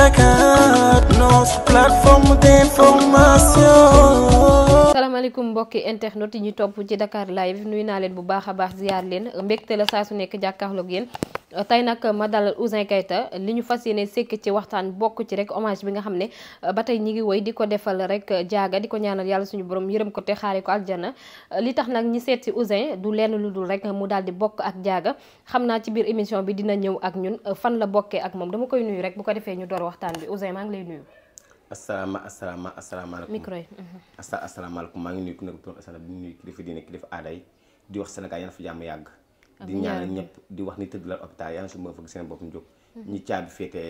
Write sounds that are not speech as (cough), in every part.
Dakar, notre plateforme mbokki internet yi ñu topp ci Dakar live nuyu naa leen bu baax a baax ziar leen mbégte la saa su nekk jàkkaarloog yéen. Euh, tey nag ma dalal Ouzin Keita li ñu fas yéene sekk ci waxtaan bokk ci rek hommage bi nga xam ne euh, ba tey ñi ngi woy di ko defal rek jaaga di ko ñaanal yàlla suñu borom yërëm ko te xaare ko ak aljana euh, li tax nag ñi seeti si Ouzin du lenn lu dul rek mu daal di bokk ak jaaga xam naa ci biir émission bi dina ñëw ak ñun fan la bokkee ak moom dama koy nuyu rek bu ko defee ñu doro waxtaan bi Ouzin maa ngi lay nuyu. asalaama asalaama asalaamaaleykum micro yi. Mhm. asalaamaaleykum maa ngi nuyu ku nekk turam asalaam di nuyu kilifa diine kilifa aada yi di yàgg di ñaanal ñëpp di wax ni tëdd la hôpital yàlla suñu borom fëgg seen bopp ñu jóg mm-hmm. ñi caabi féete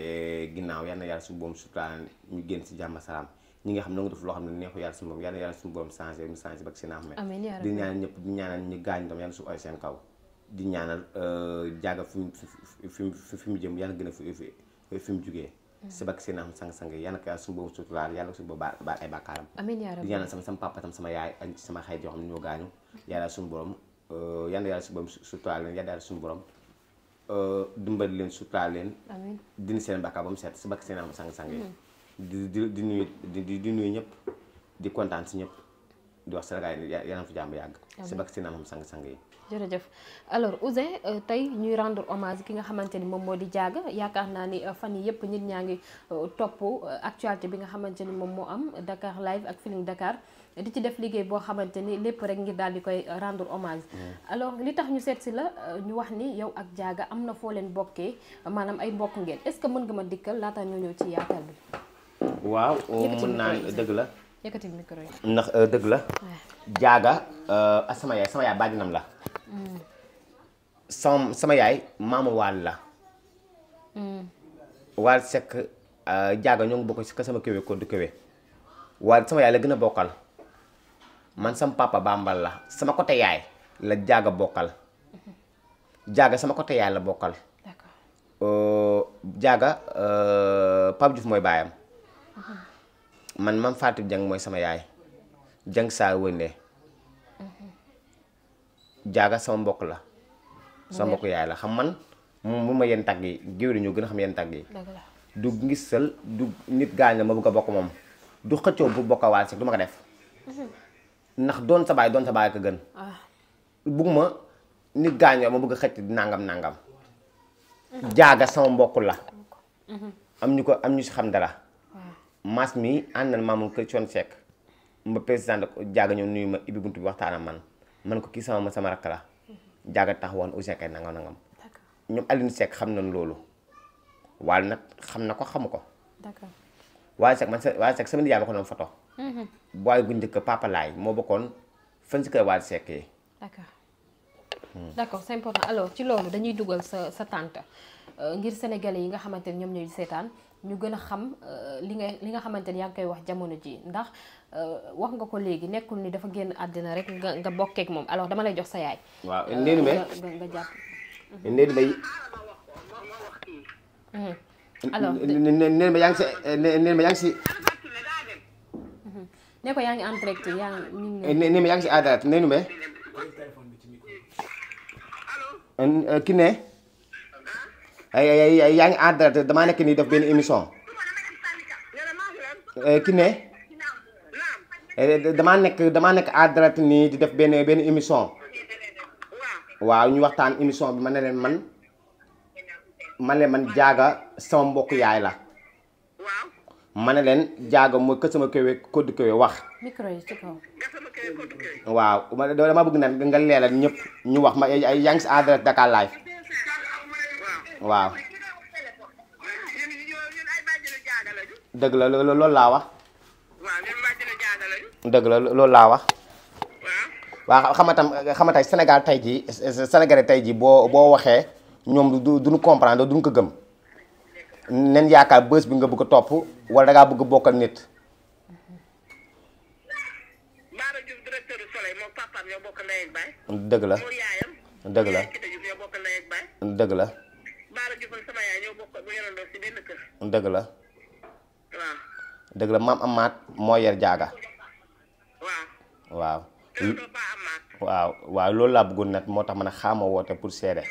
ginnaaw yal na yàlla suñu borom sutaan ñu génn si jàmm salaam nga xam ne nga def loo xam ne neexu yàlla suñu borom yal na yàlla suñu borom changé seen ñëpp di ñaanal ñu gaañ tam seen kaw di ñaanal euh, jaaga fi mu fi fi mu jëm yàlla gën a fi mu jugee si bak seen axam sang-sang yal na ko yàlla suñu borom suturaal yàlla suñu borom baal ay bàkkaaram di ñaanal sama sama sama yaay ak sama xay yoo xam ne ñoo gaañu mm-hmm. yàlla suñu borom Euh, yal na yàlla su borom suturaal leen yal na yàlla suñu borom euh, dumbali leen suturaal leen. amiin dindi seen bakkaar ba mu set si bakk seen am sang-sang yi. Hmm. di di di nuyu di di ñëpp di kontaan si ñëpp di wax Sénégal yi yal yàgg. si bakk seen sang-sang yi. jërëjëf alors Ouzin euh, tey ñuy rendre hommage ki nga xamante ni moom moo di jaaga yaakaar naa ni fan yi yëpp nit ñaa ngi topp actualté bi nga xamante ni moom moo am Dakar live ak Feeling Dakar. di ci def liggéey boo xamante ni lépp rek ngir daal di koy rendre hommage. Mm. alors li tax ñu seet si la euh, ñu wax ni yow ak Diaga am na foo leen bokkee maanaam ay bokk ngeen est-ce que mën nga ma dikkal laata ñu ñëw waaw naa dëgg la. yëkkati micro ndax euh, dëgg la. Diaga ak euh, sama yaay sama yaay bàjjanam la. Mm. sama sama yaay maamu waal la. Mm. waal sekk ko du kéwé. waal sama yaay la gën a bokkal. man sama papa bàmbal la sama côté yaay la jaaga bokkal jaaga sama côté yaay la bokkal euh, jaaga euh, Pape Diouf mooy baayam uh-huh. man mam Fatou Jang mooy sama yaay Jang saa wënde uh-huh. jaaga sama mbokk la sama mbokk yaay la xam man mu ma yenn tàgg yi géwél ñu gën a xam yenn tàgg yi du ngisal du nit gaañ la ma bëgg a bokk moom du xëccoo bu bokkawaal si du ma ko def uh-huh. ndax doon sa baay doon sa baay ko gën ah. bugguma nit gaañoo ma bëgg xëcc nangam nangam jaaga sama mbokk la mhm. am ñu ko am ñu si xam dara mas mi ànd na maamu kër coon sekk mba président jaaga ñëw ma ibi bunt bi waxtaan ak man man ko kii sama ma sama rakk la mhm. jaaga tax woon Ouzin kay nangam nangam ñoom Alioune Seck xam nañ loolu waaye nag xam na ko xamu ko waaye Seck man waaye Seck ma ko doon photo Mm-hmm. booy gu njëkk Papa Laay moo bokkoon fan si koy waaj sekk yi. d'accord hmm. d'accord important alors ci loolu dañuy dugal sa sa tante euh, ngir sénégalais yi nga xamante ne ñoom ñooy seetaan ñu gën a xam euh, li nga li nga xamante ni yaa ngi koy wax jamono ji ndax euh, wax nga ko léegi nekkul ni dafa génn àddina rek nga nga bokkeek moom alors dama lay jox sa yaay. waaw may nga mm-hmm. may. Hmm. Mm-hmm. alors si eh, ndéenu may yaa si. ne ko yaa ngi en direct yaa ngi. Eh, ne ne ma yaa ngi nu me. Euh, ki yaa ngi en damaa nekk nii def benn émission. Euh, kine ne. Eh, damaa nekk damaa nekk en nii di def benn benn émission. waaw ñu waxtaan émission bi ma ne leen man. man leen man jaaga sama mbokk yaay la. ma ne leen jaaga mooy kër sama kéwé koddu kéwé wax. micro yi ci kaw. waaw man dama bëgg nag nga leeral ñëpp ñu wax ma ay yaa ngi si waaw. dëgg la loolu laa wax. dëgg la loolu laa wax. waaw xam nga tam xam nga tey Sénégal tey jii Sénégalais tey jii boo boo waxee ñoom du duñu comprendre duñu ko gëm. nen yaakaar bës bi nga bëgg topp wala da ngaa bëgg bokk ak nit. dëgg la Mor dëgg la dëgg la. dëgg la. waaw. dëgg la maam Amath moo yer jaaga. waaw. waaw. loolu laa bëggoon nag moo tax ma a xaama woote pour seede.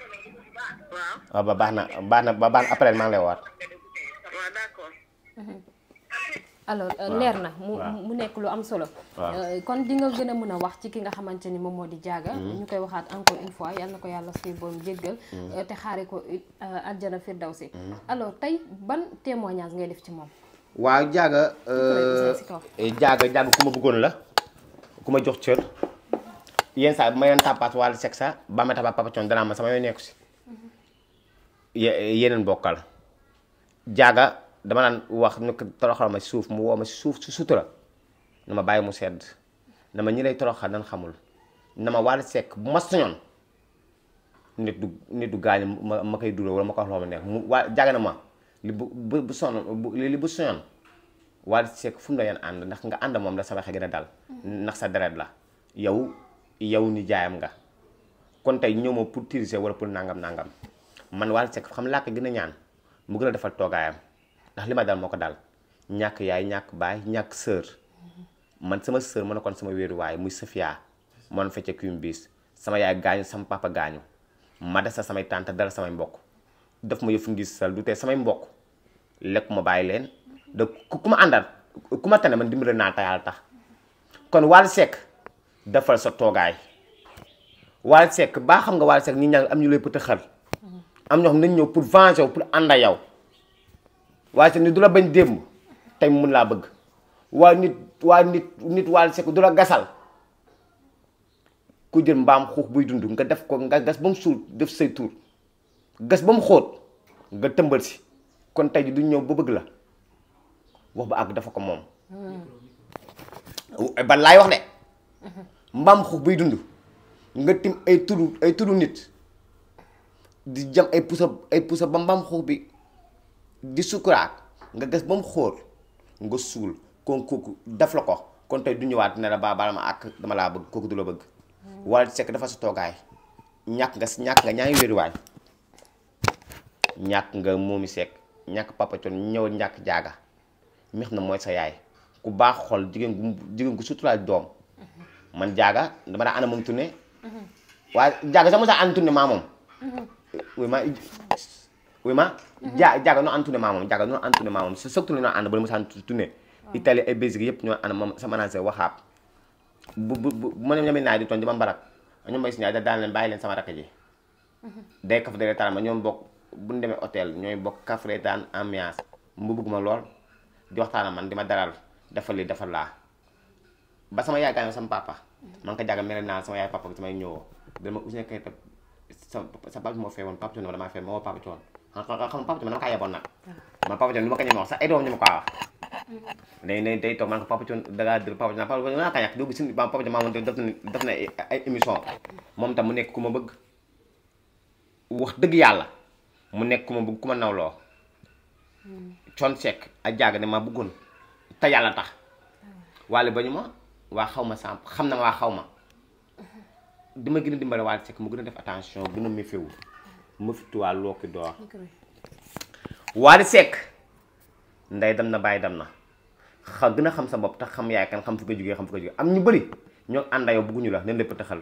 waaw ah, ba baax na baax na ba baax na après maa ngi lay waat. (laughs) Euh, waaw leer na mu mu nekk lu am solo. Euh, kon di nga gën a mën a wax ci ki nga xamante ni moom moo di jaaga. Mm-hmm. ñu koy waxaat encore une fois yal na ko yàlla suy boom jéggal. Mm-hmm. Euh, te xaare ko aljana firdawsi. Mm-hmm. alors tey ban témoignage ngay def ci moom. waaw jaaga. jaaga jaaga ku ma bëggoon la ku ma jox cër. yenn saa yi bu ma leen tàppaat wàllu ba ma tàppaat papa coon danaa ma sama yoon nekku si. yeneen bokkal jaaga dama naan wax nu ko toroxal ma si suuf mu woo ma si suuf su sutura na ma bàyyi mu sedd na ma ñi lay toroxal nan xamul na ma wàll sekk bu ma sañoon nit du nit du gaañ ma ma koy duloo wala ma ko wax loo ma nekk mu waa jaaga na ma li bu bu bu soñoon wàll sekk fu mu la yeen ànd ndax nga ànd moom la sama xel gën a ndax sa deret la yow yow ni jaayam nga kon tey ñëw ma pour tirise wala pour nangam nangam man Wally Seck xam laa ko gën a ñaan mu gën a defal toogaayam ndax li ma dal moo ko dal ñàkk yaay ñàkk baay ñàkk sœur man sama sœur ma nekkoon sama wéeruwaay muy Safia man doon fecce kuum biis sama yaay gaañu sama papa gaañu ma des samay tante dala samay mbokk daf ma yëfu ngis sal du tee samay mbokk lekk ma bàyyi leen da ku ma àndal ku ma tane man dimbali naa ta yàlla tax kon waal Seck defal sa toogaay Wally Seck baa xam nga waal Seck ñi ñaa am ñu lay pëtë am ñoo xam nañ ñëw pour venger pour ànd ak yow waaye sa nit du la bañ démb tey mun laa bëgg waaye nit waaye nit nit waal sekk du la gasal ku jël mbaam xuux buy dund nga def ko nga gas ba mu suul def say tuur gas ba mu xóot nga tëmbal si kon tey ji du ñëw ba bëgg la wax ba àgg dafa ko moom hmm. ba laay wax de mbaam xuux buy dund nga tim ay turu ay turu nit di jam ay pusa ay pusa ba mbam xuux bi di sukuraat nga gas ba mu xóor nga suul kon kooku daf la ko kon tey du ñëwaat ne la baa baal ma àkk dama laa bëgg kooku du la bëgg Wally sekk dafa si toogaay ñàkk nga ñàkk nga ñaari wéruwaay ñàkk nga moomi Seck ñàkk Papa ñëw ñàkk jaaga mi xam ne mooy sa yaay ku baax xol jigéen gu jigéen gu suturaal doom man jaaga dama daa ana moom tunne mhm. waaye jaaga sax ma sa an tunne maa ma oui ma ja jaga no an tourné ma moom jaga no an tourné ma moom sa tourné no ànd bala mosaan tourné Italie ay Belgique yëpp ñoo ànd moom sa manager waxaab bu bu bu ma ne ñoom naay di toon di ma mbarak da daan leen bàyyi leen sama rakk ji (laughs) day kaf ma ñoom bokk bu ñu demee hôtel ñooy bokk kaf am ambiance mu bëgg ma lool di waxtaan man di ma dalal defal lii defal laa ba sama yaay gaañoo sama papa mm-hmm. man ka jàgga mere naa sama yaay papa bi samay ñëwoo dama usine kayit sa sa papa bi moo fee woon papa Thione ma damaa fee moo papa Thione xam papa Thione man dama kaa yeboon nag man papa Thione lu ma ko ñeme wax sax ay doom ñu ma ko wax ah. day day day toog man ko papa Thione dangaa dër papa Thione papa naa kaa ñàkk doogu si papa Thione maa moom def na def na ay émission moom tam mu nekk ku ma bëgg wax dëgg yàlla mu nekk ku ma bëgg ku ma nawloo Thione Seck ak jaaga ne ma bëggoon te yàlla tax waale ba ñu ma waa xaw ma samp xam na waa xaw ma dama gën a dimbale Wally Seck mu gën a def attention gën a méféwu ma fituwaa looki door Wally Seck nday dem na bàyyi dem na xa gën a xam sa bopp tax xam yaay kan xam fu ko jógee xam fu ko jógee am ñu bëri ñoo ànda yow bëgguñu la nen lépp taxal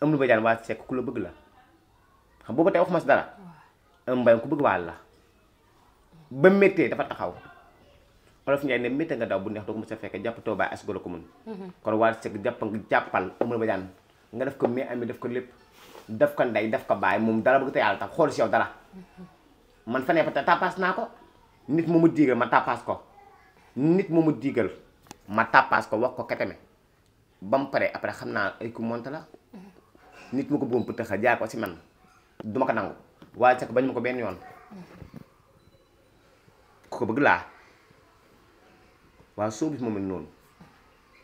am lu ba jaan Wally Seck ku la bëgg la xam booba tey waxuma si dara am mbay ku bëgg Wally la ba méttee dafa taxaw olof Njaay ne métta nga daw bu neex doo ko mos a fekk jàpp too baay asgolo ko mun mhm. kon waa sëg jàpp nga jàppal amul ba daan def ko lépp def ko ndey def ko baay moom dara bëgg te yàlla tax xool si yow mhm. man naa ko nit mu mu diigal ma tappaas ko mu mu diigal ma ko wax ko keteme ba mu pare après xam naa ay ku la mhm. nit mu ko bëggoon pour tëxa jaar ko si man duma ko nangu waaye sax bañ ma ko benn yoon ku ko bëgg laa waaw soo moom moo noonu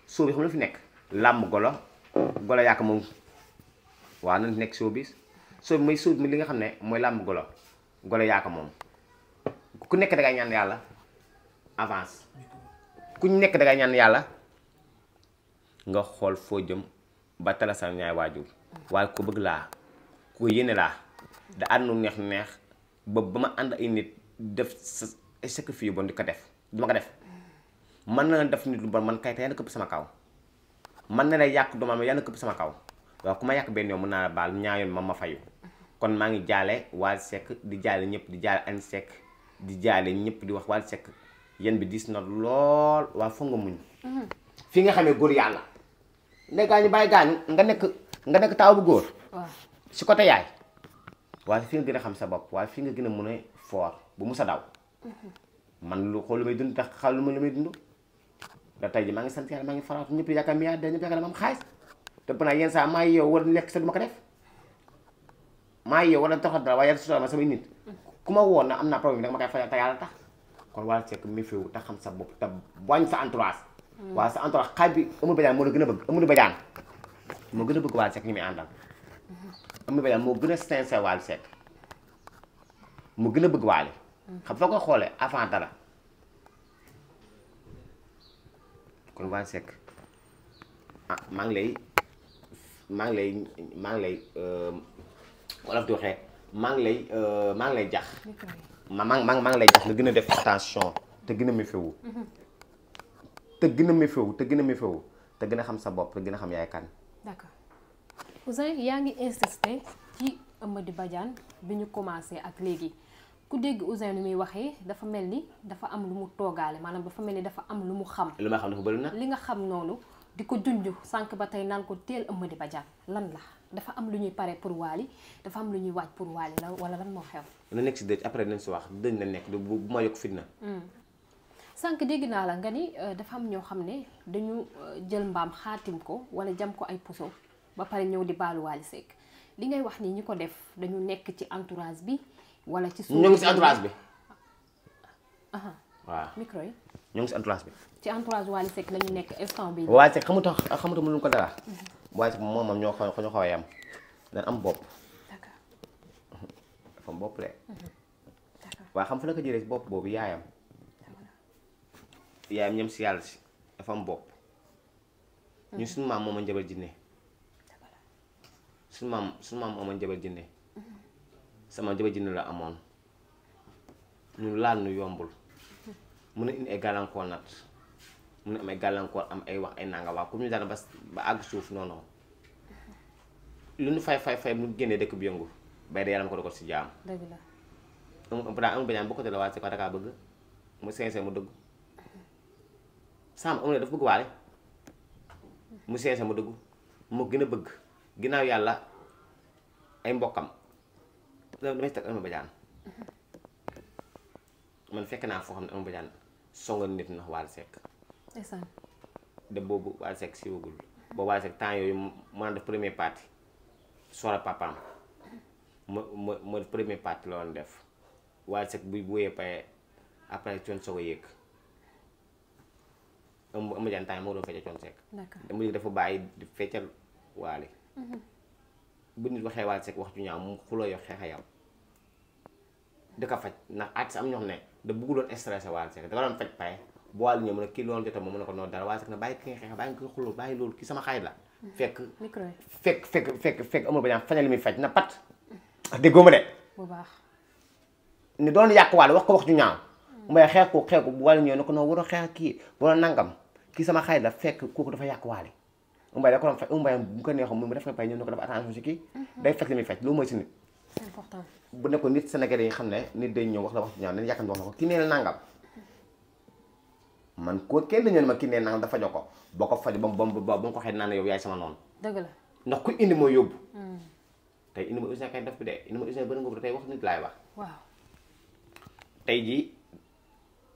soo bis fi nekk làmb golo golo yàq moom waaw nan nekk soo bis soo mooy soo bi li nga xam ne mooy làmb golo golo yàq moom ku nekk dangay ñaan yàlla avance ku nekk dangay ñaan yàlla nga xool foo jëm ba tala sa ñaay waajur waaye ko bëgg laa ko yéene laa da àndu neex neex ba ba ma ànd ay nit def sa sacrifice bon di ko def duma ko def mën na la def nit lu bon man kayita yàlla këpp sama kaw mën na la yàq doomam yàlla këpp sama kaw waaw ku ma yàq benn yoon mën naa baal ñaa yoon ma ma fayu kon maa ngi jaale Wally Seck di jaale ñëpp di jaale Anne Seck di jaale ñépp di wax Wally sekk yéen bi diis na lool waaw foog nga muñ fi xam xamee góor yàlla ndey gaañu bàyyi gaañu nga nekk nga nekk taaw bu góor si côté yaay waaye fi nga gën a xam sa bopp waaye fi nga gën a mën a foor bu musa daw mhm. man lu xool lu may dund tax xal lu ma lu may dund da tey ji maa ngi sant yàlla maa ngi faratu ñëpp yaakaar mi da ñëpp yaakaar ma am xaalis te banaa yenn saa maa yow war lekk sa du ma ko def maa yow war a taxaw dara waaye yàlla sutura ma samay nit ku ma woon na am naa problème bi danga ma koy fayal te tax kon Wally Seck mi fiwu te xam sa bopp te wàññi sa entourage mm. waaw sa entourage xaaj bi amul bajaan moo la gën a bëgg amul bajaan moo gën a bëgg Wally Seck ñu muy àndal mm-hmm. amul bajaan moo gën a sincère Wally Seck mu gën a bëgg Wally mm. xam foo ko xoolee kon Waly Seck ah maa lay maa ngi lay maa ngi lay euh, wolof di waxee ngi lay euh, maa ngi lay jax ma ma maa ngi lay jax nga gën a def attention te gën a méféwu te gën a méféwu te gën te gën a xam sa bopp te gën a xam yaay kan. yaa ngi insisté ci Amady Badiane bi ñu commencé ak léegi. ku dégg Ousseynou muy waxee dafa mel ni dafa am lu mu toogaale maanaam dafa mel ni dafa am lu mu xam. lu ma xam dafa bëri na. li nga xam noonu di ko sànq ba tey naan ko teel Amady Badiane lan la dafa am lu ñuy pare pour Wally dafa am lu ñuy waaj pour Wally la wala lan moo xew. na nekk si dëj après nañ si wax dëj na nekk bu ma yokk fitna. Hmm. sànq dégg naa la nga ni euh, dafa am ñoo xam ne dañu euh, jël mbaam xaatim ko wala jam ko ay puso ba pare ñëw di baalu Wally li ngay wax nii ñi ko def dañu nekk ci entourage bi. wala ci suuf ñu ngi bi. Ah, ah. waaw micro yi. ñu ngi si entourage bi. ci entourage Wally Seck la ñu nekk instant bii. Wally Seck xamu tax xamu tax mënuñu ko dara. Mhm. Wally Seck moom moom ñoo xaw ñoo xaw a yem dañ am bopp. d'accord dafa am mhm. xam fu la ko jëlee bopp boobu yaayam. yaayam ñoom si yàlla si dafa am bopp. ñu mhm. suñu maam moom a njabal jinne suñu maam suñu maam moom a njabal jinne sama jabar ji la amoon ñu laal nu yombul mun a indi ay gàllankoor nat mun a am ay gàllankoor am ay wax ay nanga waa comme ñu daan ba àgg suuf noonu lu ñu fay fay fay mu génnee dëkk bi yëngu bay de yàlla ko dogal si jaam. dëgg la amul balaa amul bañaam bu a waat si ko dakaa bëgg mu sincère mu dëgg Samb amul ne dafa bëgg waale mu sincère mu dëgg mu gën a bëgg ginnaaw yàlla ay mbokkam. damay tag Alma Badiane man fekk naa foo xam ne Alma Badiane songal nit na Wally Seck de boobu Wally Seck si wagul boobu Wally Seck temps yooyu mën a premier partie soxla papaam ma ma ma def premier bu bu yëppee après coon soog a yëg am am jaan doon feccal coon Seck dama dafa bàyyi di feccal Wally mhm. bu nit waxee Wally Seck wax ju ñaaw mu xuloo yow xeexa di ko faj ndax artiste am ñoo xam ne da bëgguloon stressé Wally Seck dafa doon faj pare bu Wally ñëw mu ne kii loolu jota moom ko noonu dara Wally na bàyyi ki nga xeex bàyyi ki nga xuloo bàyyi loolu kii sama fekk fekk fekk fekk fekk amul bañaam faña na pat déggoo ma de bu baax ni doon yàq Wally wax ko wax ju ñaaw mbay xeex ko xeex ko bu ko noonu war a xeex kii wala nangam kii sama xarit la fekk kooku dafa yàq Wally mbay da ko doon faj mbay bu ko neexoon mu def nga bay ñëw ne ko dafa attention si kii mhm. day fekk li muy faj loolu mooy si nit important. bu nekkoon nit Sénégalais yi xam ne nit day ñëw wax la wax ci ñaaw nañu yàkkam na ko man ko kenn dañu ma ki nee dafa jox ko boo ko faj ba mu ba ba mu ko xëy naa ne yow yaay sama noonu. dëgg la ndax ku indi mooy yóbbu. Hmm. tey indi ma def bi dee ma Ouzin bëri nga tey wax nit laay wax. waaw tey jii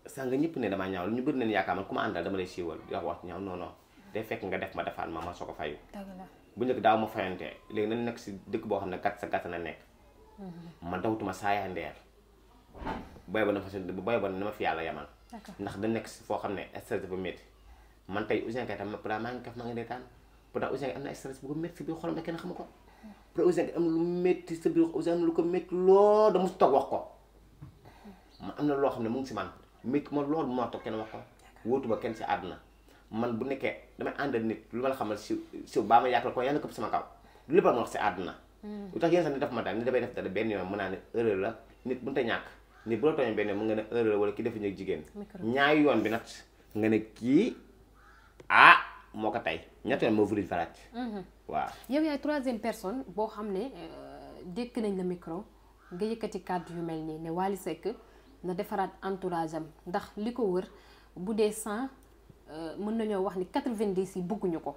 sànq ñëpp ne damaa ñaaw ñu bëri nañu yaakaar man ku ma àndal dama lay siiwal di wax wax day fekk nga def ma defaat ma ma soo ko fayu. dëgg la bu njëkk daaw ma fayantee léegi nañ nekk si dëkk boo xam ne gàtt sa gàtt na nekk man dawutuma saa yaay ndeer booy ba na fa booy ba na ma fi yàlla yamal ndax da nekk si foo xam ne stress dafa métti man tey Ouzin Keita tam pourtant maa ngi kaf maa ngi reetaan pourtant Ouzin am na stress bu ko métti si biir xolam da kenn xamu ko pourtant lu métti sa biir Ouzin am na lu ko métti lool da mu toog wax ko ma am na loo xam ne mu ngi si man mekk ma loolu moo toog kenn wax ko wóotu ba kenn si àdduna man bu nekkee damay àndal nit lu ma la xamal si si baa ma yàqal ko yàlla këpp sama kaw lu lépp moo wax si àdduna Mm. lu tax yenn sax ni daf ma daal ni damay def dara benn yoon mën naa ne erreur la nit mënut a ñàkk nit bu la tooñee benn yoon mën nga ne erreur la wala ki defuñu ak jigéen ñaari yoon bi nag nga ne kii ah moo ko tey ñett yoon moo vuril faraat mm-hmm. waaw yow yaay troisième personne boo xam ne euh, dékk nañ la micro nga yëkkati kàddu yu mel nii ne Wally Seck na defaraat entourage am ndax li ko wër bu dee cent euh, mën nañoo wax ni quatre-vingt-dix yi bëgguñu ko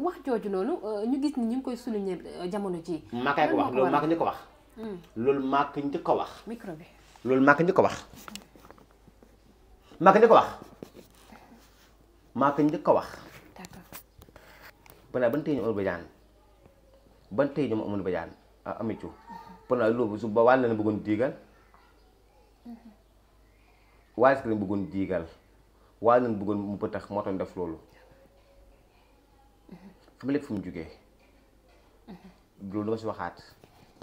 wax jooju noonu euh, ñu gis ni ñu ngi koy souligner euh, jamono ji maa kay ko wax loolu maa ko njëkk a wax. Hmm. loolu maa ko njëkk a wax. micro bi ko njëkk a wax. maa ko njëkk a wax. maa ko njëkk a wax. d'accord. ban tey ñu amul bajaan ban tey ñu amul bajaan ah, amicu mhm. pendant loolu su ba wàll la bëggoon diigal. waaye est-ce que bëggoon diigal waaye lañ buggoon mu bëtax moo tax def loolu. xam nga lépp fu mu jugee. Mhm. loolu dama si waxaat.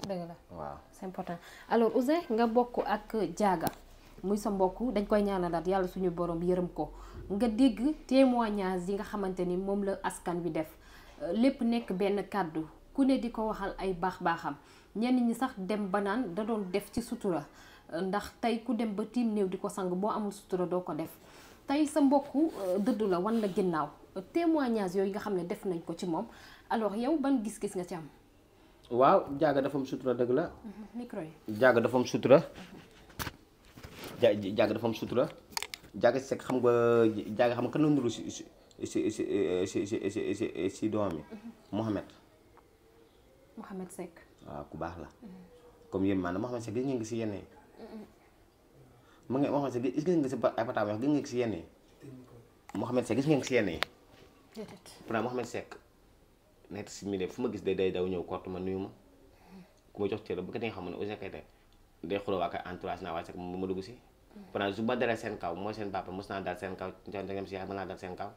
dëgg la waaw c'est important alors Ouzin nga bokk ak jaaga muy sa mbokk dañ koy ñaanalaat yàlla suñu borom yërëm ko nga dégg témoignage yi nga xamante ni moom la askan wi def euh, lépp nekk benn kàddu ku ne di ko waxal ay baax baaxam ñenn ñi sax dem ba naan da doon def ci sutura euh, ndax tey ku dem ba tiim néew di ko sang boo amul sutura doo ko def tey sa mbokk euh, dëddu la wan la ginnaaw témoignage yooyu nga xam ne def nañ ko ci moom alors yow ban gis-gis nga ci am. waaw jaaga dafa sutura dëgg la. Mhm, micro yi jaaga dafa am sutura. ja jaaga dafa am sutura. jaaga sekk xam nga jaaga xam nga kan la nuru si si si si si si doom yi. Mhm. Mouhamed. Mouhamed Seck. waaw ku baax la. comme yéen maanaam Mouhamed Seck gis ngeen si yenn yi. mu mhm. ngi Mouhamed Seck gis ngeen si ay pataam yoo xam si yenn yi. Mouhamed Seck gis ngeen si yenn yi. pourtant Mouhamed Seck nekk si milieu fu ma gis de day daw ñëw kort ma nuyu ma hmm. ku ma jox cër bu ko dee xam ne Ouzin Keita day xuloo waa kay entourage naa waa Seck ma dugg si hmm. pourtant ba dalee seen kaw mooy seen papa mos naa dal seen kaw njangam si yaay mën naa dal seen kaw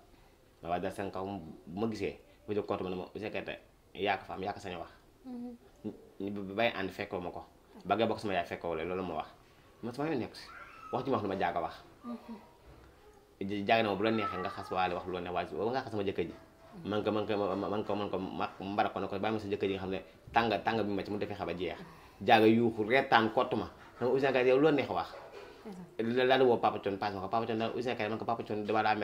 ma waa dal seen kaw bu ma gisee ma jox kort ma ne ma Ouzin Keita yaa ko fa am yaa ko sañ a wax hmm. ñu bay ànd fekkoo ma ko ba ngay bokk sama yaay fekkoo loolu ma wax man sama yoon nekk si wax ji wax lu ma jaaga wax jàng na ma bu la neexee nga xas waale wax lu la ne waaj ba nga xas sama jëkkër ji man ko man ko man ko man ko ma mbara ko ne ko bàyyi ma sa jëkkër ji nga xam ne tàng tàng bi ma ci mu defee xaba jeex jaaga yuuxu reetaan kott ma dama Ouzin Keita yow lu la neex wax laal woo Papa man ko dama laa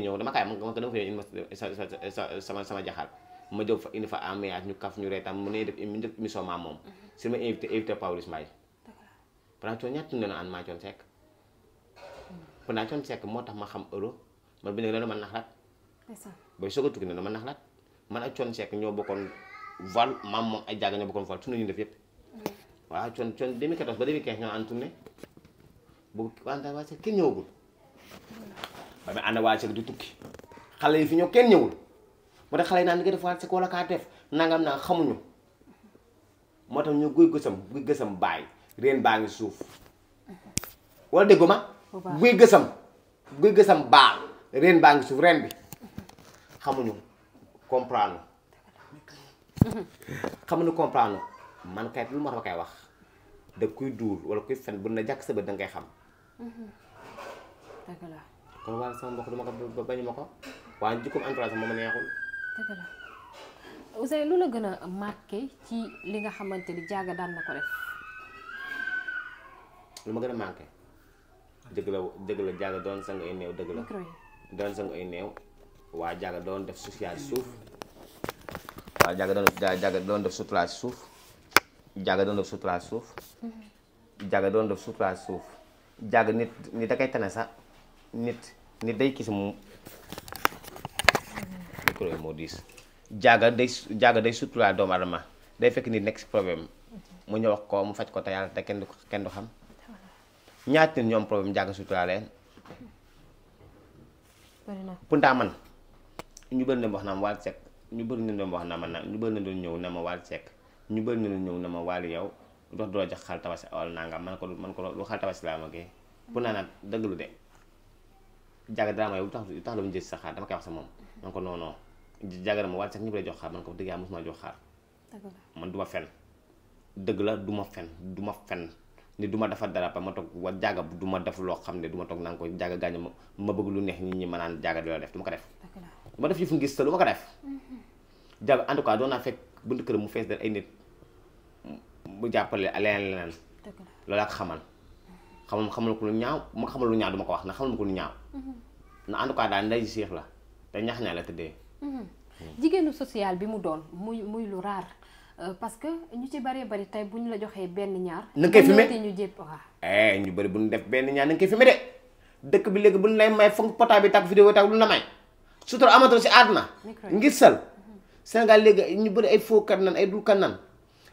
ñëw dama kaay sama jaxal ma jóg fa indi fa ambiance ñu kaf ñu reetaan mu ne def ñu def maam moom si ma invité invité Pawlish Mbaye pourtant ñaata ñu ne an maa moo tax ma xam euro man bi ne la man nax lat bay a tukki man nax lat ñoo bokkoon vol maam moom ay jaaga ñoo bokkoon vol tournée ñu def yëpp mm. waaw coon coon 2014 ba 2015 ñoo ànd tournée bu anda waa sekk kenn ñëwagul di tukki xale yi fi ñëw kenn ñëwul moo tax xale yi naan li nga def waa sekk wala kaa def nangam naa xamuñu moo tax ñu guy gësam guy gësam bàyyi reen baa ngi suuf wala déggu ma guy gësam guy gësam baa reen baa ngi suuf reen bi xamuñu comprendre (laughs) xamuñu comprendre man kay lu ma la koy wax da kuy duur wala kuy fen bu na jàkk sa bët da ngay xam kon waaye sama ma ko waaye jikkoom entourage neexul lu la gën a marqué ci li nga xamante ni jaaga daan na ko def lu ma gën a manqué dëgg la dëgg la jàgg doon sang ay néew dëgg ay néew waa jàgg doon def social suuf waa jàgg doon jàgg doon def sutura suuf jàgg doon def sutura suuf jàgg doon def suuf jàgg nit nit da koy tane sax nit nit day gis mu micro moo diis jàgg day jàgg day sutura doomu adama day fekk nit nekk si problème mu ñëw wax ko mu faj ko te yàlla te kenn du kenn du xam ñaata ñoom problème jàng suturaale pourtant man ñu bëri na wax naa ma Wally Seck ñu bëri na doon wax naa man ñu bëri na doon ñëw na ma Wally Seck ñu bëri na ñëw na ma Wally yow dox doo jox xal tabaski wala nangam man ko man ko lu xal tabaski laa ma kii pour naa dëgg lu de jàgg dara ma yow lu tax lu tax la mu jël sa xaar dama koy wax sa moom man ko non non jàgg dama Wally Seck ñëpp lay jox xaar man ko dëgg yaa mosuma jox xaar man du fen dëgg la du ma fen du ma fen ni du ma dara ba ma toog wa jaaga du ma def loo xam ne du ma toog naan ko jaaga gaañ ma ma bëgg lu neex nit ñi ma naan jaaga doo def du ma ko def du ma def yëfu ngis te du ma ko def mm-hmm. jaaga en tout fekk bunt kër mu fees dal ay nit mu jàppale leneen leneen loolu ak xamal xamal xamal ko lu ñaaw ma xamal lu ñaaw du ko wax na xamal ma ko lu ñaaw mm-hmm. na en tout cas daal nday siix la te ñax ñaa la tëddee mm-hmm. mm. jigéenu social bi mu doon muy muy lu raar Euh, parce que ñu ci baree bari tey bu ñu la joxee benn ñaar. na nga koy filmé ñu eh, ñu bëri bu ñu def benn ñaar na nga de dëkk bi léegi bu ñu lay may foog pota bi tàkk vidéo tàkk lu la may sutur amatul si àdduna. ngir sal Sénégal ñu bëri ay foo kat nan ay bu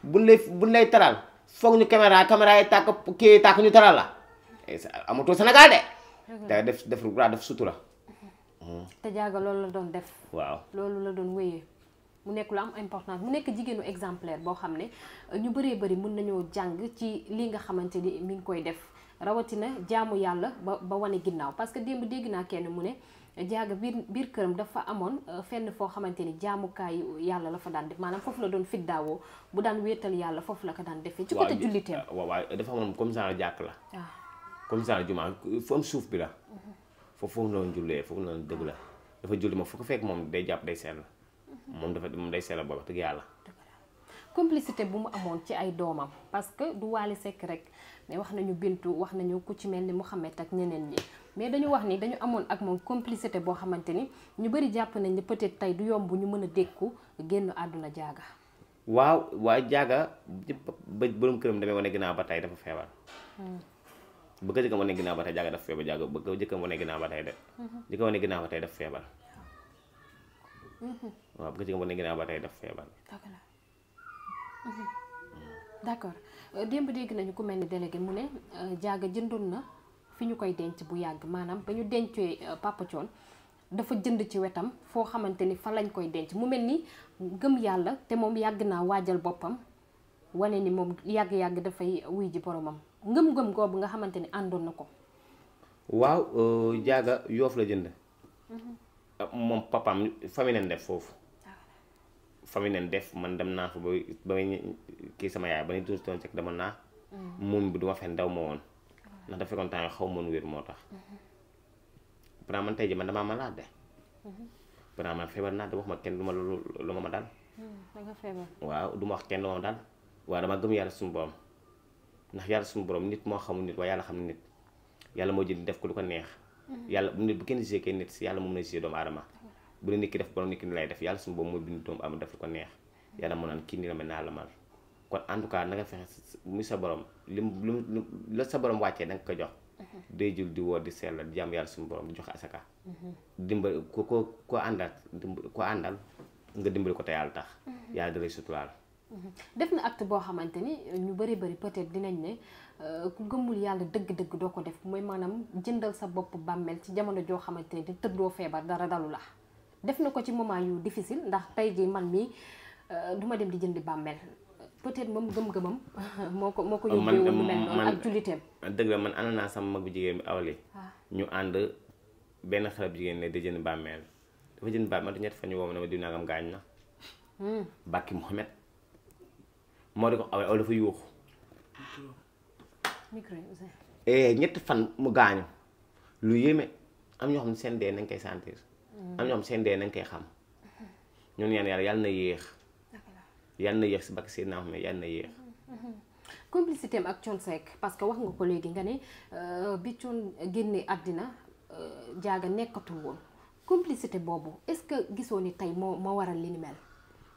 ñu lay bu ñu lay taral yi tàkk kii ñu taral la eh, amatul Sénégal de. da def def def sutura. te jaaga loolu la doon def. waaw loolu la doon wéyee. mu nekk lu am important mu nekk jigéenu exemplaire boo xam ne ñu bëree bëri mun nañoo jàng ci li nga xamante ni mi ngi koy def rawatina jaamu yàlla ba ba wane ginnaaw parce que démb dégg naa kenn mu ne jaaga biir biir këram dafa amoon euh, fenn foo xamante ni jaamukaay yàlla la fa daan def maanaam foofu la doon fiddaawoo bu daan wéetal yàlla foofu la ko daan defee. ci côté julliteem waaw waaw dafa amoon comme genre jàkk la. waaw ah. comme genre jumaa fu am suuf bi la. Mm-hmm. foofu foofu la doon jullee foofu la doon ah. dafa julli ma fu ko moom day jàpp day seetlu. moom dafa moom day sell ba wax dëgg yàlla. complicité bu mu amoon ci ay doomam parce que du Wally Seck rek mais wax nañu Bintu wax nañu ku ci mel ni Mouhamed ak ñeneen ñi mais dañu wax ni dañu amoon ak moom complicité boo xamante ni ñu bëri jàpp nañ ne peut-être tey du yomb ñu mën a dékku génn àdduna jaaga. waaw waaye jaaga ba borom këram demee wane ginnaaw ba tey dafa feebar. Hmm. bëgg jëkkam wane ginnaaw ba tey jaaga dafa feebar jaaga bëgg jëkkam wane ginnaaw ba tey de. jëkkam hmm. wane ginnaaw ba tey dafa feebar. Mm-hmm. waaw bu ko jigéen bu ne ginnaaw ba daf feebar. Mm-hmm. d'accord démb dégg nañu ku mel ni délégué mu ne euh, jaaga jëndoon na fi ñu koy denc bu yàgg maanaam ba ñu dencee euh, Papa dafa jënd ci wetam foo xamante ni fa lañ koy denc mu mel ni gëm yàlla te moom yàgg naa waajal boppam wane ni moom yàgg-yàgg dafay wuy ji boromam ngëm-ngëm goobu nga xamante ni àndoon na ko waaw euh, jaaga yoof la jënd mm-hmm. moom papaam famille leen def foofu ah. famille leen def man dem naa fa ba ba kii sama yaay ba ni tuuti doon cek dama naa mm. moom bi du ma ndaw ma woon ah. ndax dafa fekkoon temps yi xaw moon moo tax pourtant mm-hmm. tey ji man damaa malade pourtant mm-hmm. man feebar naa de wax ma kenn du ma lu ma ma dal mm, waaw du ma wax kenn lu ma ma dal waaw dama gëm yàlla suñu borom ndax yàlla suñu borom nit moo xamul nit waaye yàlla xam nit yàlla moo jël def ko lu ko neex Mm-hmm. yàlla bu nit bu kenn gisee kenn nit yàlla moom na gisee doomu aadama bu ne nit ki def bon nit ki ni lay def yàlla suñu boobu mooy bind doomu aadama def lu ko neex yàlla mu la mel naa la mal kon en tout cas na nga fexe muy sa borom sa borom wàccee da nga ko jox mm-hmm. day jul di woo di seetla di jàmm yàlla suñu borom di joxe asaka dimbal ko ko ko àndal nga dimbali ko te tax mm-hmm. yàlla da lay suturaal Mhm. def na act boo xamante ni ñu bëri bëri peut-être dinañ ne euh, ku gëmul yàlla dëgg-dëgg doo ko def mooy maanaam jëndal sa bopp bàmmeel ci jamono joo xamante ni di tëddoo feebar dara dalu la def na ko ci moment yu difficile ndax tey jii man mii euh, du ma dem di jëndi peut-être moom gëm-gëmam (laughs) moo ko moo ko yóbbee woon mel noonu ak julliteem dëgg la man ànd naa sama mag bu jigéen bi awali ah. ñu ànd benn xale jigéen ne di jënd bàmmeel dafa jënd bàmmeel te ñett fa ñu woo ma ne ma diw nangam gaañ na hmm. bàkki Mohamed moo di ko aw aw dafa yuuxu eh, ñetti fan mu gaañu lu yéeme am ñoo xam seen dee nañ koy sentir am ñoo xam seen dee nañ koy xam ñun ñaan yàlla yàlla na yéex yàlla na yéex si bakk seen naa xam ne yàlla na yéex complicité ak Thione Seck parce que wax nga ko léegi nga ne euh, bi Thione génne àddina jaaga euh, nekkatul woon complicité boobu est-ce que gisoo ni tey moo moo waral li ni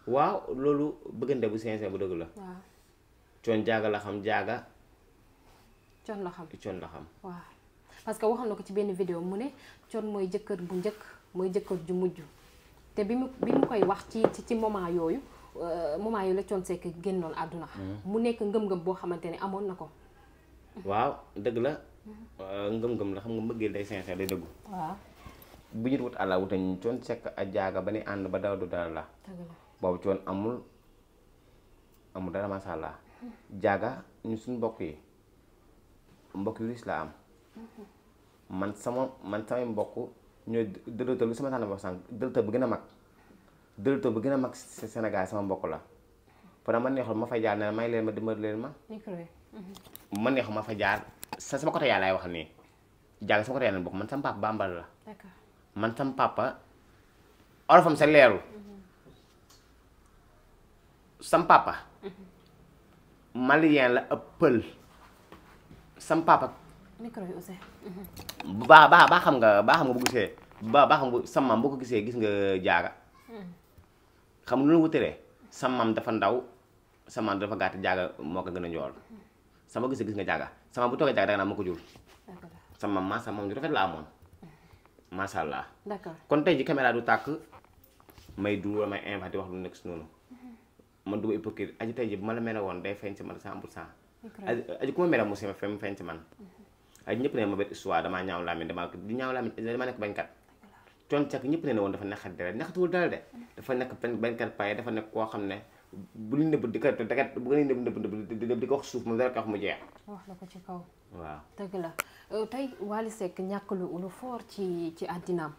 waaw loolu bëggante bu sincère bu dëgg la. waaw coon jaaga la xam jaaga. coon la xam coon la xam. waaw parce que waxoon na ko ci benn vidéo mu ne coon mooy jëkkër bu njëkk mooy jëkkër ju mujj te bi mu bi mu koy wax ci ci moment yooyu euh, moment yooyu la coon sekk génnoon àdduna. Hmm. mu nekk ngëm boo xamante ne amoon na ko. waaw dëgg la. Hmm. Euh, ngëm-ngëm la xam nga mbëggeel day sincère day dëggu. waaw bu ñu jaaga ba ne ànd ba daw du dara la. boobu coon amul amul dara macha allah jaaga ñu suñ mbokk yi mbokk yu riis la am man sama man samay mbokk ñooy dëlëtal lu sama tànn wax sànq dëlëtal bu gën a mag dëlëtal bu gën a mag Sénégal sama mbokk la par man neexul ma fa jaar ne may leen ma dimbali leen ma man neexul ma fa jaar sa sama côté yaay laay wax nii jaaga sama côté yaay lañ bokk man sama papa bambal la man sama papa orofam sa leeru mhm. sam mm-hmm. malien la ab pël sam papa baa baa baa xam nga baa xam nga bu gisee ba baa xam nga sam ko gisee gis nga jaaga mm-hmm. xam lu la wutalee sam maam dafa ndaw sam maam dafa gàtt jaaga moo ko gën a njool mm-hmm. sama gisee gis nga jaaga sama bu toogee jaaga danga ko jur sama sama maam ju rafet la amoon macha allah. kon tey ji caméra du tàkk may du may invité wax lu nekk si noonu man du ma hypocrite aji tey ji bu ma la mere woon mu si fi mu feeñ ci man ko dagat bu ngeen la ko ci kaw waaw dëgg la euh, tey Wally Seck ñàkk lu lu fort ci ci àddinaam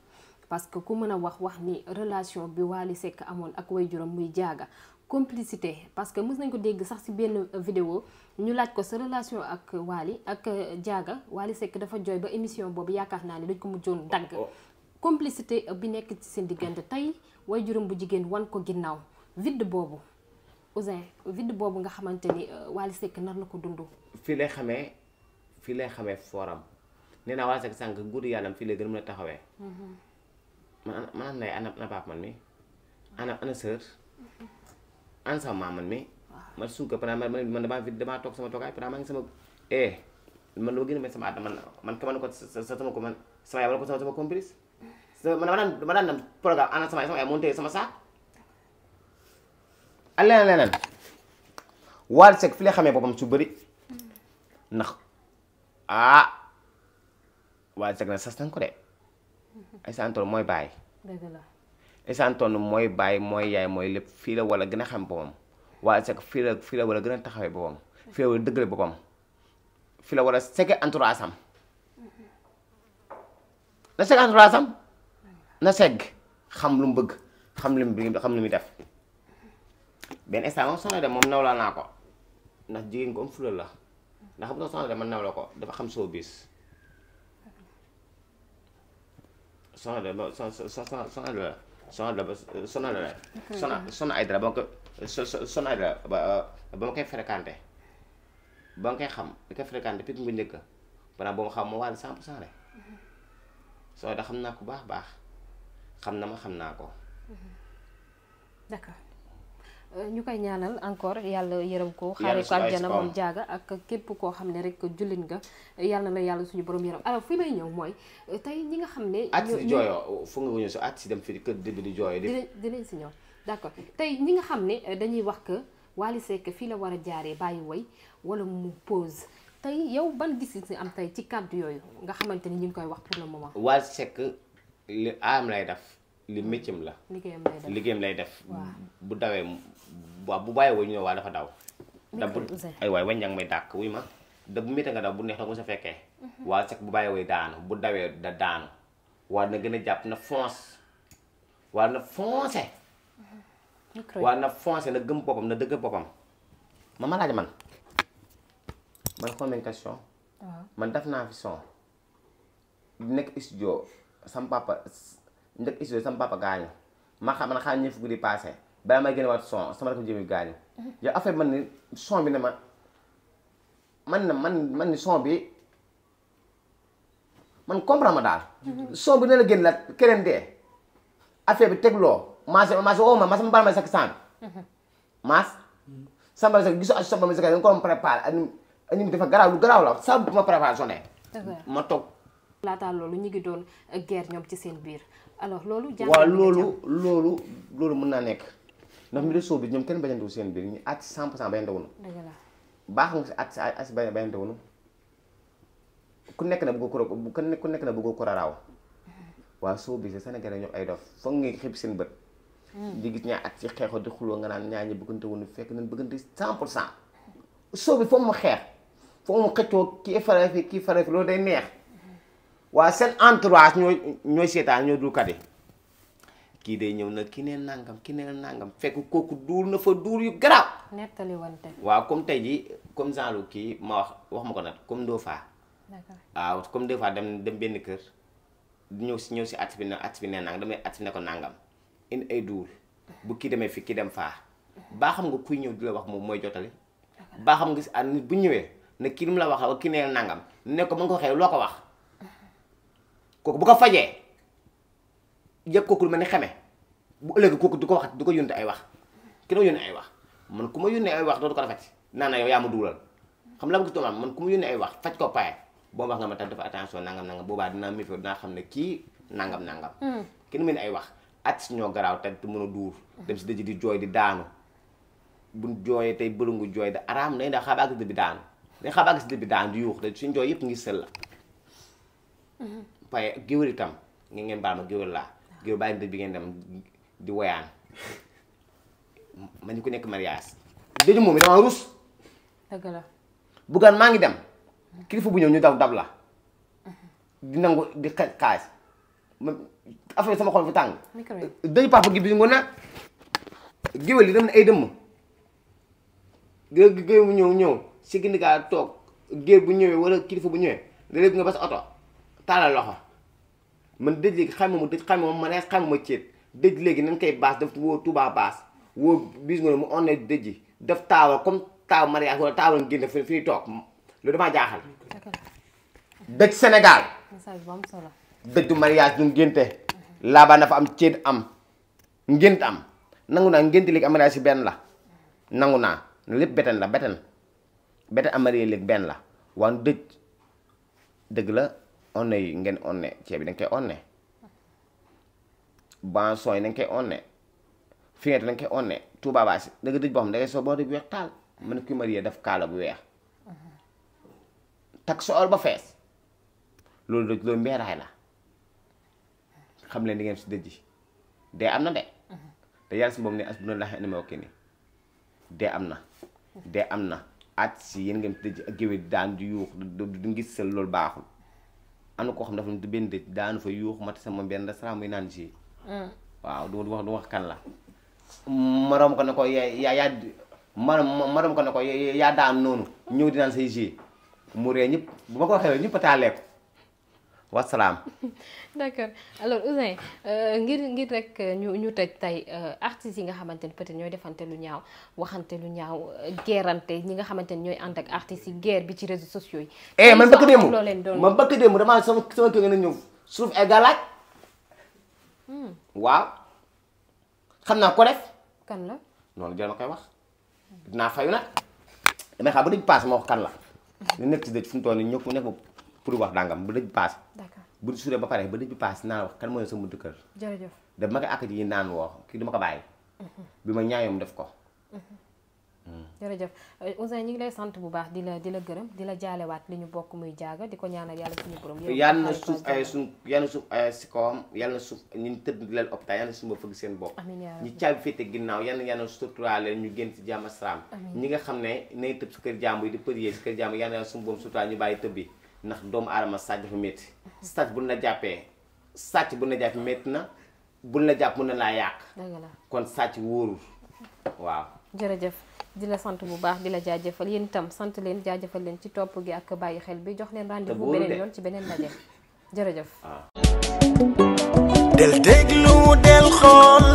parce que ku mën a wax wax ni relation bi Wally Seck amoon ak way juróom muy jaaga complicité parce que mës nañ ko dégg sax ci benn vidéo ñu laaj ko sa relation ak Wally ak euh, Diaga Wally sekk dafa jooy ba émission boobu yaakaar naa ne dañ ko mujjoon dagg oh. complicité bi nekk ci seen diggante tey way juróom bu jigéen wan ko ginnaaw vide boobu Ouzin vide boobu nga xamante ni euh, Wally Seck nar la ko dund fii lay xamee fii lay xamee foram nee naa Wally Seck sànq gudd yàllam fii lay gën a mën a taxawee mm-hmm. man ana man ana ana ensemble man mi man suuka par exemple man damaa fi damaa toog sama toogaay par exemple maa ngi sama eh man lu ma gën a mel sama àddama man man ka ma ne ko sa sama ko man sama yaay ma ne ko sama sama complice man dama daan dama daan dem programme ana sama sama yaay monté sama saak ak ah, leneen leneen Wally Seck fi lay xamee boppam su bëri hmm. ndax ah Wally Seck na sas nañ ko de hmm. ay santor mooy bàyyi dëgg la isantoon mooy baay mooy yaay mooy lépp fii la wala gën a xam boppam waaye c'est fii la fii wala gën a taxawee boppam fii la wala dëggale boppam fii la wala sege entourage am na seg entourage am segg xam lu bëgg xam lu mu xam lu muy def benn instant moom nawlaa naa ko ndax jigéen ko am fula la ndax xam nga soxna de man nawla ko dafa xam soo bis soxna de soxna de la Soxna la Soxna Daba. Soxna Soxna Aïdara ba nga ko Soxna Aïdara ba ba ma koy fréquenté ba nga koy xam di ko fréquenté picc bu njëkk maanaam ba ma xam ma wàll 100 pour cent rek soo da xam naa ko baax baax xam na ma xam naa ko. Mhm. Euh, ñu koy ñaanal encore yàlla yërëm ko xaare ko ak jana moom jaaga ak képp koo xam ne rek jullit nga yàlla na la yàlla suñu borom yërëm alors fi may ñëw mooy euh, tey ñi nga xam ne at si jooyoo fu nga ñëw si si dem fi kër dëdd di jooyoo dinañ dinañ si ñëw d'accord tey ñi nga xam ne euh, dañuy wax que Wally fii la war a jaaree bàyyi woy wala mu pose tey yow ban gis-gis nga am tey ci kàddu yooyu nga xamante ni ñu ngi koy wax pour le moment Wally Seck li aam lay def li métier la liggéeyam lay liggéeyam lay def bu dawee waaw bu bàyyi woo ñu ne waa dafa daw da bu ay waay wañ ñang may dàkk wuy ma da bu métti nga daw bu neex da nga sa fekkee mhm. waa sek bu bàyyi wooy daanu bu dawee da daanu waa na gën a jàpp na fonce waa na foncé waa na foncé na gëm boppam na dëgg boppam ma ma laaj man man combien man def naa fi son nekk studio sam papa nekk studio sam papa gaañu ma xam man xaar ñëw di passé bàyyi may génne waat son sama rakk jëmi gaañu mm-hmm. yow affaire man ni son bi ne ma man na man man ni son bi man comprendre ma daal mm-hmm. son bi ne la génn la keneen dee affaire bi tegloo maas maas woo ma maas ma baal ma sakk sang mm-hmm. maas samba bi sax gisoo as soxna bi sax dañu ko doon préparé ak ñu dafa garaaw lu garaaw la saa bu ma préparé sonné. ma toog. laataa loolu ñu ngi doon guerre ñoom ci seen biir alors loolu. jàngat waaw loolu loolu loolu mën naa nekk. ndax mi de soo bi ñoom kenn bañante wu seen biir ñu at cent pour cent bañante wuñu baax nga si at si at si bañante wuñu ku nekk na bëgg ko ku nekk na bëgg ko raraaw mm-hmm. waaw soo bi ay dof foog ngay xib seen bët mm. di gis ñaa at ci xeexoo di xuloo nga naan ñaa ñi bëggante wuñu fekk nañ bëggante cent pour cent soo bi foog mu xeex foog mu xëccoo kii fare fi kii fare fi loolu day neex mm-hmm. waa seen entourage ñooy ñooy seetaan ñoo dul kat yi kii day ñëw nag ki neen nangam ki neen nangam fekk kooku duur na fa duur yu garaaw. nettali wante. waaw comme tey jii comme genre kii ma wax wax ma ko nag comme doo faa. waaw comme des fois dem dem benn kër ñëw si ñëw si at bi ne at bi ne nangam damay at ko nangam indi ay duur bu kii demee fi kii dem faa baa xam nga kuy ñëw di la wax moom mooy jotali baa xam nga si at ah, nit bu ñëwee ne kii lu mu la wax la ki neen nangam ne ko ma nga ko waxee loo ko wax kooku bu ko fajee. yëpp kooku lu mel ni bu ëllëg kooku du ko wax du ko yónnee ay wax ki ma yónnee ay wax man ku ma yónnee ay wax dootu ko rafet naa na yow yaa ma dugalal xam la ma gis doomam man ku ma yónnee ay wax faj ko paye boo wax nga ma tam dafa attention nangam nangam boobaa dinaa météo dinaa xam ne kii nangam nangam. kenn mel ni ay wax at si ñoo garaaw te du mën a duur. dem si dëj di jooy di daanu buñ jooyee tey bëlungu jooy da araam nañ da xaabaag si bi daanu dañ xaabaag si bi daanu di yuux da suñ jooy yëpp ngi sël la. paye hmm. géwél itam ngeen ngeen baal ma géwél laa ngir bàyyi dëj bi ngeen dem di woyaan ma ni ku nekk mariage dëju moom yi dama rus dëgg maa ngi dem kilifa bu ñëw ñu daw la di nangu di xaj xaaj affaire sama gi dem na ay dëmm gé- bu ñëw ñëw si gindi gaa toog géer bu ñëwee wala kilifa bu ñëwee da léegi nga ba sa oto taalal loxo man dëj léegi xayma ma dëj xayma ma manège ma ceeb dëj léegi nañ koy baas daf woo Touba baas woo bis nga mu onne dëj yi daf taawal comme taaw mariage wala taawal génn fi fi toog loolu damaa jaaxal. dëj Sénégal. dëj du mariage du ngénte laabaan dafa am ceeb am ngént am nangu naa ngénte léegi am mariage si benn la nangu naa lépp beten la beten beten am mariage benn la waan dëj dëgg la. onne yi ngeen onne ceeb bi dañ koy onne banson yi dañ koy onne fingete dañ koy onne Touba Basse da nga dëj boo xam da ngay soo boori bu weex taal mën na kuy marié daf kaala bu weex takk so or ba fees loolu doj loolu mbeeraay la xam leen di ngeen si dëj yi dee am na de te yàlla si moom ne as bu na laxe anima okke ni dee am na dee am na at si yéen ngeen si dëj ak géwél daan di yuux du ngis sel loolu baaxul am na koo xam dafa benn dëj daanu fa yuux mat sama benn restaurant muy naan ji. Mm. waaw du wax du wax kan la. marom ko ne ko ne ko yaa daan noonu ñëw di naan say ji mu ree ñëpp bu ma ko waxee a taalee ko wasalaam. (laughs) d' accord alors euh, ngir ngir rek euh, ñu ñu tëj tey euh, artistes yi nga xamante ni peut ñooy defante lu ñaaw waxante lu ñaaw geerante ñi nga xamante ni ñooy ànd ak artistes yi bi ci réseaux sociaux yi. eh man bëgg démb man bëgg sama sama kër nga ñëw suuf ay galaaj. Hmm. waaw xam naa ko def. kan la noonu jërë nga wax dinaa fayu nag damay xam ba dañ paas ma wax kan la. (laughs) ñu nekk ci dëj fu mu pour wax dangam ba dëj bi paas. d'accord bu suuree ba pare ba dëj bi paas naa wax kan mooy sa buntu kër. jërëjëf dama ko àkk ji naan woo kii dama ko bàyyi. Mhm. bi ma ñaayoom def ko. Mhm. Mm. jërëjëf euh, Ouzin ñu ngi lay sant bu baax di la di la gërëm di la jaalewaat li ñu bokk muy jaaga di ko ñaanal yàlla suñu borom. yal na suuf ay suñ yal na suuf ay si kawam yal na suuf ñu tëdd seen bopp. amiin ginnaaw yal na yal na suturaal ñu génn ci jàmm ak salaam. ñi nga xam ne nay tëb di përier si kër jàmbur yal na suñu ñu bàyyi tëb bi ndax doomu aadama sàcc bu métti sàcc bu la jàppee sàcc bu la jàpp métti na bu la jàpp mën na laa yàq kon sàcc wóorul waaw jërëjëf di la sant bu baax di la jaajëfal yéen itam sant leen jaajëfal leen ci topp gi bàyyi xel bi jox leen rendez beneen yoon ci beneen ndaje jërëjëf (laughs) del déglu del xool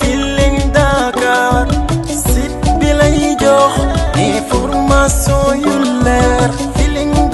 Feeling Dakar site bi lay jox information yu